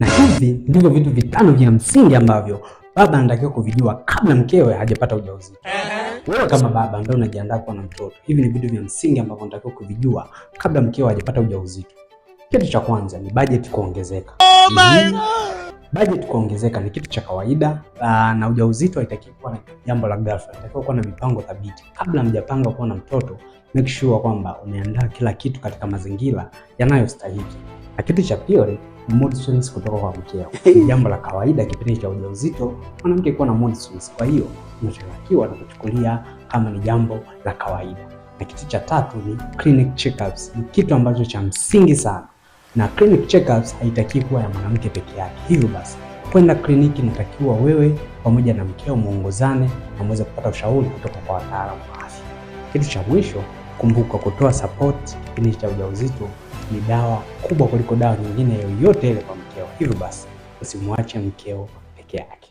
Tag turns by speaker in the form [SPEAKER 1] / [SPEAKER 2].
[SPEAKER 1] Na hivi ndivyo vitu vitano vya msingi ambavyo baba anatakiwa kuvijua kabla mkewe hajapata ujauzito. Uh-huh. Wewe kama baba ambaye unajiandaa kuwa na mtoto, hivi ni vitu vya msingi ambavyo unatakiwa kuvijua kabla mkewe hajapata ujauzito. Kitu cha kwanza ni bajeti kuongezeka.
[SPEAKER 2] Oh my mhm. God.
[SPEAKER 1] Bajeti kuongezeka ni kitu cha kawaida ah, na ujauzito haitaki kuwa na jambo la ghafla. Inatakiwa kuwa na mipango thabiti. Kabla mjapanga kuwa na mtoto, make sure kwamba umeandaa kila kitu katika mazingira yanayostahili. Na kitu cha pili mood swings kutoka kwa mkeo ni jambo la kawaida kipindi cha ujauzito mwanamke kuwa na mood swings. Kwa hiyo unatakiwa na kuchukulia kama ni jambo la kawaida. Na kitu cha tatu ni clinic checkups, ni kitu ambacho cha msingi sana, na clinic checkups haitakiwi kuwa ya mwanamke peke yake. Hivyo basi kwenda kliniki, inatakiwa wewe pamoja na mkeo muongozane na muweze kupata ushauri kutoka kwa wataalamu wa afya. Kitu cha mwisho, kumbuka kutoa support kipindi cha ujauzito ni dawa kubwa kuliko dawa nyingine yoyote ile kwa mkeo. Hivyo basi usimwache mkeo peke yake.